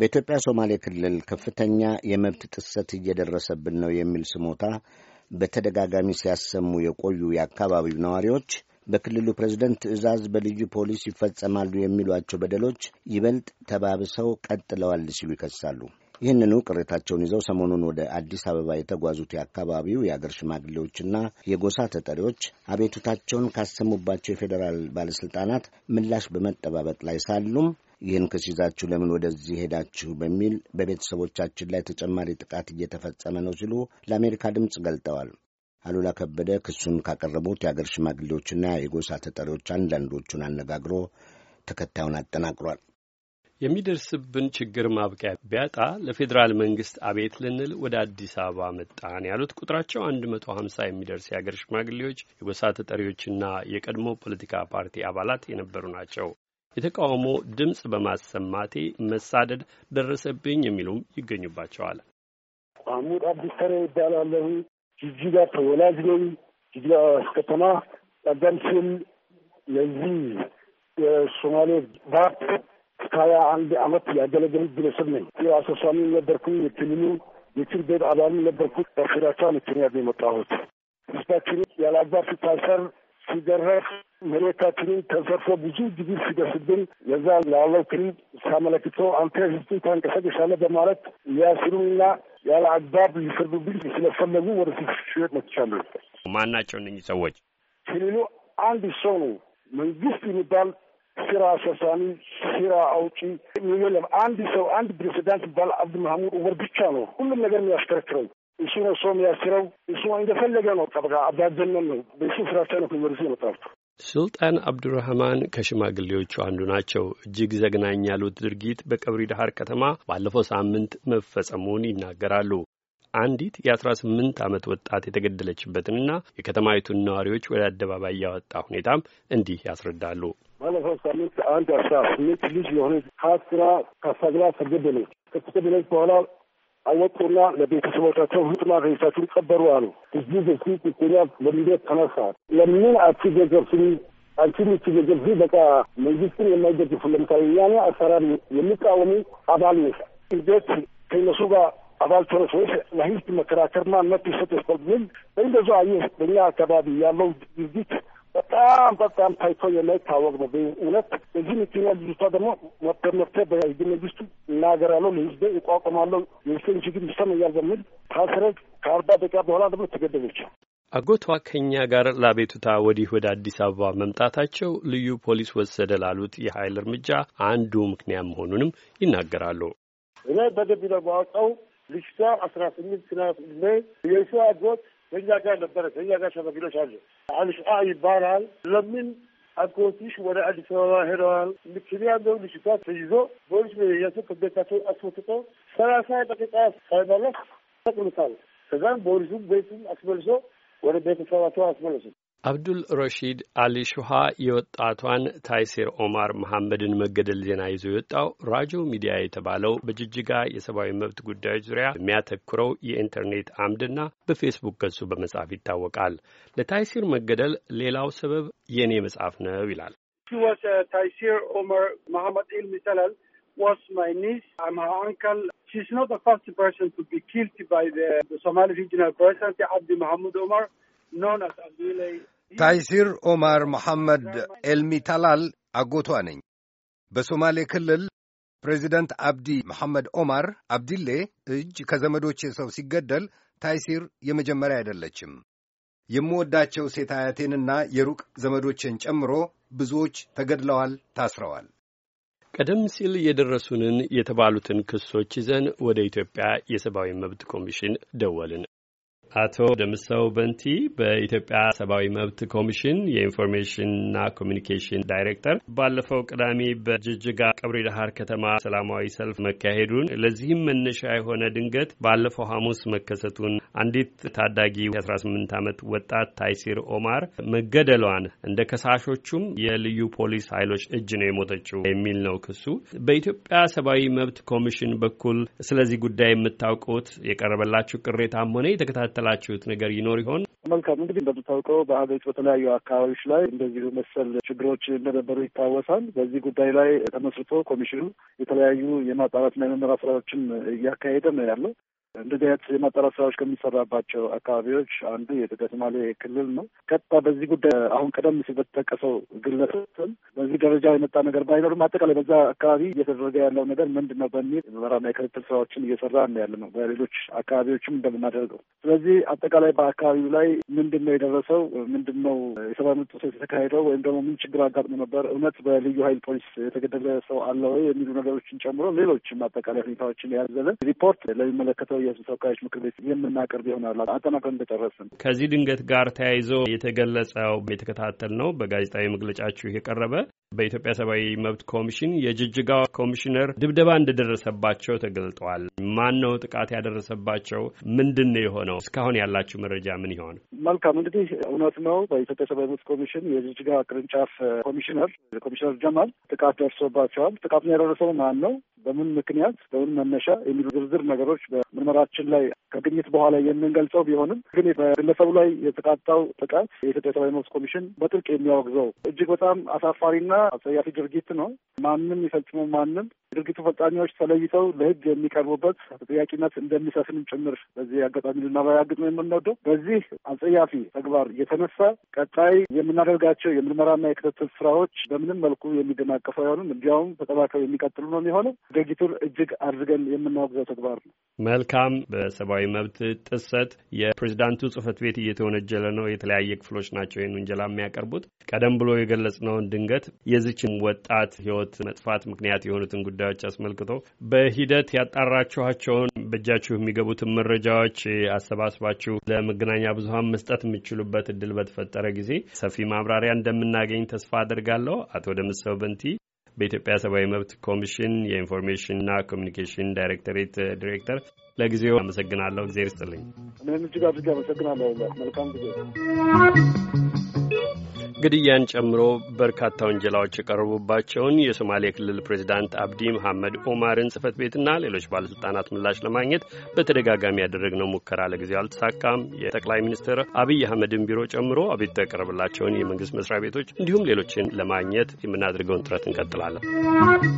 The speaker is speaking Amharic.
በኢትዮጵያ ሶማሌ ክልል ከፍተኛ የመብት ጥሰት እየደረሰብን ነው የሚል ስሞታ በተደጋጋሚ ሲያሰሙ የቆዩ የአካባቢው ነዋሪዎች በክልሉ ፕሬዝደንት ትዕዛዝ በልዩ ፖሊስ ይፈጸማሉ የሚሏቸው በደሎች ይበልጥ ተባብሰው ቀጥለዋል ሲሉ ይከሳሉ። ይህንኑ ቅሬታቸውን ይዘው ሰሞኑን ወደ አዲስ አበባ የተጓዙት የአካባቢው የአገር ሽማግሌዎችና የጎሳ ተጠሪዎች አቤቱታቸውን ካሰሙባቸው የፌዴራል ባለሥልጣናት ምላሽ በመጠባበቅ ላይ ሳሉም ይህን ክስ ይዛችሁ ለምን ወደዚህ ሄዳችሁ በሚል በቤተሰቦቻችን ላይ ተጨማሪ ጥቃት እየተፈጸመ ነው ሲሉ ለአሜሪካ ድምፅ ገልጠዋል። አሉላ ከበደ ክሱን ካቀረቡት የአገር ሽማግሌዎችና የጎሳ ተጠሪዎች አንዳንዶቹን አነጋግሮ ተከታዩን አጠናቅሯል። የሚደርስብን ችግር ማብቂያ ቢያጣ ለፌዴራል መንግስት አቤት ልንል ወደ አዲስ አበባ መጣን ያሉት ቁጥራቸው አንድ መቶ ሀምሳ የሚደርስ የአገር ሽማግሌዎች የጎሳ ተጠሪዎችና የቀድሞ ፖለቲካ ፓርቲ አባላት የነበሩ ናቸው። የተቃውሞ ድምፅ በማሰማቴ መሳደድ ደረሰብኝ የሚሉም ይገኙባቸዋል። ማህሙድ አብዲሰረ ይባላለሁ። ጅጅጋ ተወላጅ ነኝ። ጅጅጋ ከተማ ቀደም ሲል ለዚህ የሶማሌ ባት ከሀያ አንድ አመት ያገለገሉ ግለሰብ ነኝ። የአሰሳሚ ነበርኩ። የክልሉ የችል ቤት አባል ነበርኩ። በፍራቻ ምክንያት የመጣሁት ህዝባችን ያለ አግባብ ሲታሰር ሲደረስ መሬታችንን ተዘርፎ ብዙ ችግር ሲደርስብን የዛ ላለው ክልል ሳመለክቶ አንተ ህዝብን ታንቀሳቀሻለህ በማለት ሊያስሩንና ያለ አግባብ ሊፈርዱብን ስለፈለጉ ወደ ሽወጥ መትቻሉ። ማናቸው እነኚህ ሰዎች? ክልሉ አንድ ሰው ነው። መንግስት የሚባል ስራ አስፈጻሚ፣ ስራ አውጪ የለም። አንድ ሰው አንድ ፕሬዚዳንት ባል አብዱ መሐሙድ ወር ብቻ ነው ሁሉም ነገር የሚያሽከረክረው እሱ ነው ሰው የሚያስረው። እሱ እንደፈለገ ነው። ጠበቃ አባዘነን ነው። በሱ ፍራቻ ነው ከዩኒቨርሲቲ የመጣሁት። ሱልጣን አብዱራህማን ከሽማግሌዎቹ አንዱ ናቸው። እጅግ ዘግናኝ ያሉት ድርጊት በቀብሪ ዳሃር ከተማ ባለፈው ሳምንት መፈጸሙን ይናገራሉ። አንዲት የአስራ ስምንት ዓመት ወጣት የተገደለችበትንና የከተማይቱን ነዋሪዎች ወደ አደባባይ ያወጣ ሁኔታም እንዲህ ያስረዳሉ። ባለፈው ሳምንት አንድ አስራ ስምንት ልጅ የሆነ ሀስራ ካሳግላ ተገደለች። ከተገደለች በኋላ አወጡና ለቤተሰቦቻቸው ህጥማ ሬሳችን ቀበሩ አሉ። እዚህ በሱ ቁኛ በሚደት ተነሳ። ለምን አቺ ስ አንቺ ምቺ ምትደገፍ በቃ መንግስትን የማይደግፉ ለምሳሌ ያኔ አሰራር የሚቃወሙ አባል ነሽ። እንዴት ከነሱ ጋር አባል ተረሶች ለህዝብ መከራከርና መብት ይሰጥ ይስል ብል እንደዛ አየህ፣ በእኛ አካባቢ ያለው ድርጊት በጣም በጣም ታይቶ የማይታወቅ ነው። እውነት እዚህ ሚኪኛ ልጅቷ ደግሞ መብቴ መብቴ በህግ መንግስቱ እናገራለሁ ለህዝቤ እቋቁማለሁ የህዝቤን ችግር ይሰማኛል በሚል ታስረች። ከአርባ ደቂቃ በኋላ ደግሞ ተገደለች። አጎቷ ከኛ ጋር ለአቤቱታ ወዲህ ወደ አዲስ አበባ መምጣታቸው ልዩ ፖሊስ ወሰደ ላሉት የኃይል እርምጃ አንዱ ምክንያት መሆኑንም ይናገራሉ። እኔ በደንብ ነው የማውቀው። ልጅቷ አስራ ስምንት ስናት ዕድሜ የእሱ አጎት ከኛ ጋር ነበረ። ከኛ ጋር ሸመግሎች አሉ። አልሽቃ ይባላል። ለምን አጎትሽ ወደ አዲስ አበባ ሄደዋል። ምክንያት በሁሉ ሽታ ተይዞ በሁሉ መያቱ ከቤታቸው አስወጥቶ ሰላሳ ደቂቃ ሳይመለስ ተቅሉታል። ከዛም በሁሉም ቤቱም አስመልሶ ወደ ቤተሰባቸው አስመለሱ። አብዱል ረሺድ አሊ ሹሃ የወጣቷን ታይሴር ኦማር መሐመድን መገደል ዜና ይዞ የወጣው ራጆ ሚዲያ የተባለው በጅጅጋ የሰብአዊ መብት ጉዳዮች ዙሪያ የሚያተኩረው የኢንተርኔት አምድና በፌስቡክ ገጹ በመጻፍ ይታወቃል። ለታይሲር መገደል ሌላው ሰበብ የእኔ መጽሐፍ ነው ይላል። ታይሲር ኦማር መሐመድ ኢልም ይሰላል was my niece. uncle. She's not the first person to be killed by the, the Somali regional president, Abdi Mahmoud Omar, known as ታይሲር ኦማር መሐመድ ኤልሚታላል አጎቷ ነኝ። በሶማሌ ክልል ፕሬዚደንት አብዲ መሐመድ ኦማር አብዲሌ እጅ ከዘመዶች ሰው ሲገደል ታይሲር የመጀመሪያ አይደለችም። የምወዳቸው ሴት አያቴንና የሩቅ ዘመዶችን ጨምሮ ብዙዎች ተገድለዋል፣ ታስረዋል። ቀደም ሲል የደረሱንን የተባሉትን ክሶች ይዘን ወደ ኢትዮጵያ የሰብአዊ መብት ኮሚሽን ደወልን። አቶ ደምሰው በንቲ በኢትዮጵያ ሰብአዊ መብት ኮሚሽን የኢንፎርሜሽንና ኮሚኒኬሽን ዳይሬክተር፣ ባለፈው ቅዳሜ በጅጅጋ ቀብሪ ዳሃር ከተማ ሰላማዊ ሰልፍ መካሄዱን ለዚህም መነሻ የሆነ ድንገት ባለፈው ሐሙስ መከሰቱን አንዲት ታዳጊ የ18 ዓመት ወጣት ታይሲር ኦማር መገደሏን እንደ ከሳሾቹም የልዩ ፖሊስ ኃይሎች እጅ ነው የሞተችው የሚል ነው ክሱ። በኢትዮጵያ ሰብአዊ መብት ኮሚሽን በኩል ስለዚህ ጉዳይ የምታውቁት የቀረበላችሁ ቅሬታም ሆነ የተከታተ የተከታተላችሁት ነገር ይኖር ይሆን? መልካም እንግዲህ እንደምታውቀው በሀገሪቱ በተለያዩ አካባቢዎች ላይ እንደዚሁ መሰል ችግሮች እንደነበሩ ይታወሳል። በዚህ ጉዳይ ላይ ተመስርቶ ኮሚሽኑ የተለያዩ የማጣራትና የመመራ ስራዎችን እያካሄደ ነው ያለው። እንደዚህ አይነት የማጣራ ስራዎች ከሚሰራባቸው አካባቢዎች አንዱ የሶማሌ ክልል ነው። ቀጥታ በዚህ ጉዳይ አሁን ቀደም ሲል በተጠቀሰው ግለሰብ በዚህ ደረጃ የመጣ ነገር ባይኖርም አጠቃላይ በዛ አካባቢ እየተደረገ ያለው ነገር ምንድን ነው በሚል ምርመራና የክትትል ስራዎችን እየሰራ ነው ያለ ነው። በሌሎች አካባቢዎችም እንደምናደርገው ስለዚህ አጠቃላይ በአካባቢው ላይ ምንድን ነው የደረሰው፣ ምንድን ነው የሰብአዊ መብት ጥሰት የተካሄደው ወይም ደግሞ ምን ችግር አጋጥሞ ነበር፣ እውነት በልዩ ኃይል ፖሊስ የተገደለ ሰው አለ ወይ የሚሉ ነገሮችን ጨምሮ ሌሎችም አጠቃላይ ሁኔታዎችን ያዘለ ሪፖርት ለሚመለከተው የህዝብ ተወካዮች ምክር ቤት የምናቀርብ ይሆናል አጠናቀን እንደጨረስን። ከዚህ ድንገት ጋር ተያይዞ የተገለጸው የተከታተል ነው በጋዜጣዊ መግለጫችሁ የቀረበ በኢትዮጵያ ሰብአዊ መብት ኮሚሽን የጅጅጋ ኮሚሽነር ድብደባ እንደደረሰባቸው ተገልጠዋል። ማን ነው ጥቃት ያደረሰባቸው? ምንድን ነው የሆነው? እስካሁን ያላችሁ መረጃ ምን ይሆን? መልካም እንግዲህ እውነት ነው። በኢትዮጵያ ሰብአዊ መብት ኮሚሽን የጅጅጋ ቅርንጫፍ ኮሚሽነር ኮሚሽነር ጀማል ጥቃት ደርሶባቸዋል። ጥቃቱን ያደረሰው ማን ነው፣ በምን ምክንያት፣ በምን መነሻ የሚሉ ዝርዝር ነገሮች በምርመራችን ላይ ከግኝት በኋላ የምንገልጸው ቢሆንም ግን በግለሰቡ ላይ የተቃጣው ጥቃት የኢትዮጵያ ሰብአዊ መብት ኮሚሽን በጥልቅ የሚያወግዘው እጅግ በጣም አሳፋሪና አጸያፊ ድርጊት ነው። ማንም ይፈጽመው ማንም ድርጊቱ ፈጻሚዎች ተለይተው ለህግ የሚቀርቡበት ተጠያቂነት እንደሚሰፍንም ጭምር በዚህ አጋጣሚ ልናረጋግጥ ነው የምንወደው። በዚህ አጸያፊ ተግባር የተነሳ ቀጣይ የምናደርጋቸው የምርመራና የክትትል ስራዎች በምንም መልኩ የሚደናቀፉ አይሆንም። እንዲያውም ተጠባክረው የሚቀጥሉ ነው የሚሆነው። ድርጊቱን እጅግ አድርገን የምናወግዘው ተግባር ነው። መልካም። በሰብአዊ መብት ጥሰት የፕሬዚዳንቱ ጽህፈት ቤት እየተወነጀለ ነው። የተለያየ ክፍሎች ናቸው ይህን ውንጀላ የሚያቀርቡት። ቀደም ብሎ የገለጽነውን ድንገት የዚችን ወጣት ህይወት መጥፋት ምክንያት የሆኑትን ጉዳይ ጉዳዮች አስመልክቶ በሂደት ያጣራችኋቸውን በእጃችሁ የሚገቡትን መረጃዎች አሰባስባችሁ ለመገናኛ ብዙኃን መስጠት የምችሉበት እድል በተፈጠረ ጊዜ ሰፊ ማብራሪያ እንደምናገኝ ተስፋ አድርጋለሁ። አቶ ደምሰው በንቲ በኢትዮጵያ ሰብአዊ መብት ኮሚሽን የኢንፎርሜሽንና ኮሚኒኬሽን ዳይሬክቶሬት ዲሬክተር፣ ለጊዜው አመሰግናለሁ። እግዜር ይስጥልኝ። እኔም እጅግ አድርጌ አመሰግናለሁ። መልካም ጊዜ ግድያን ጨምሮ በርካታ ወንጀላዎች የቀረቡባቸውን የሶማሌ ክልል ፕሬዚዳንት አብዲ መሐመድ ኦማርን ጽህፈት ቤትና ሌሎች ባለስልጣናት ምላሽ ለማግኘት በተደጋጋሚ ያደረግነው ሙከራ ለጊዜው አልተሳካም። የጠቅላይ ሚኒስትር አብይ አህመድን ቢሮ ጨምሮ አቤት የቀረበላቸውን የመንግስት መስሪያ ቤቶች እንዲሁም ሌሎችን ለማግኘት የምናደርገውን ጥረት እንቀጥላለን።